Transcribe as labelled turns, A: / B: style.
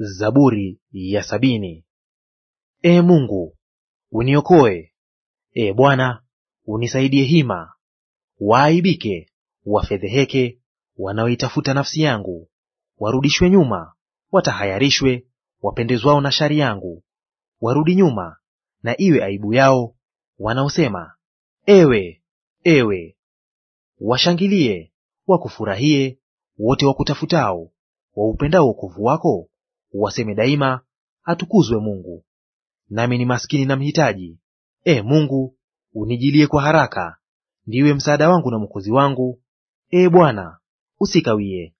A: Zaburi ya sabini. E Mungu uniokoe, e Bwana unisaidie hima. Waaibike wafedheheke wanaoitafuta nafsi yangu, warudishwe nyuma, watahayarishwe wapendezwao na shari yangu. Warudi nyuma na iwe aibu yao wanaosema ewe, ewe. Washangilie wakufurahie wote wakutafutao, waupendao wokovu wako waseme daima, atukuzwe Mungu. Nami ni maskini na mhitaji; e Mungu, unijilie kwa haraka. Ndiwe msaada wangu na mwokozi wangu; e Bwana, usikawie.